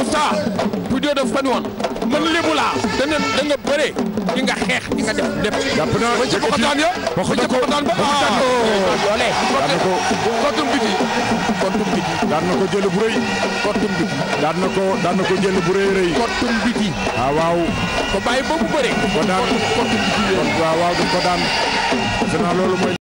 Moussa Poudio daf ko ni woon man lébu laa dana da nga bëre di nga xeex di nga def lépp. jàpp naa ba ci poxotaan ya ba ci poxotaan ba ah doole. daan na ko kottum biti kottum biti. daan na ko jël bu rëy. kottum biti. daan na ko daan na ko jël bu rëy rëy. kottum biti. waaw ah, waaw. ko bàyyi boobu bëre. ko daan kottum biti waaw waaw ko daan. defe naa loolu mooy.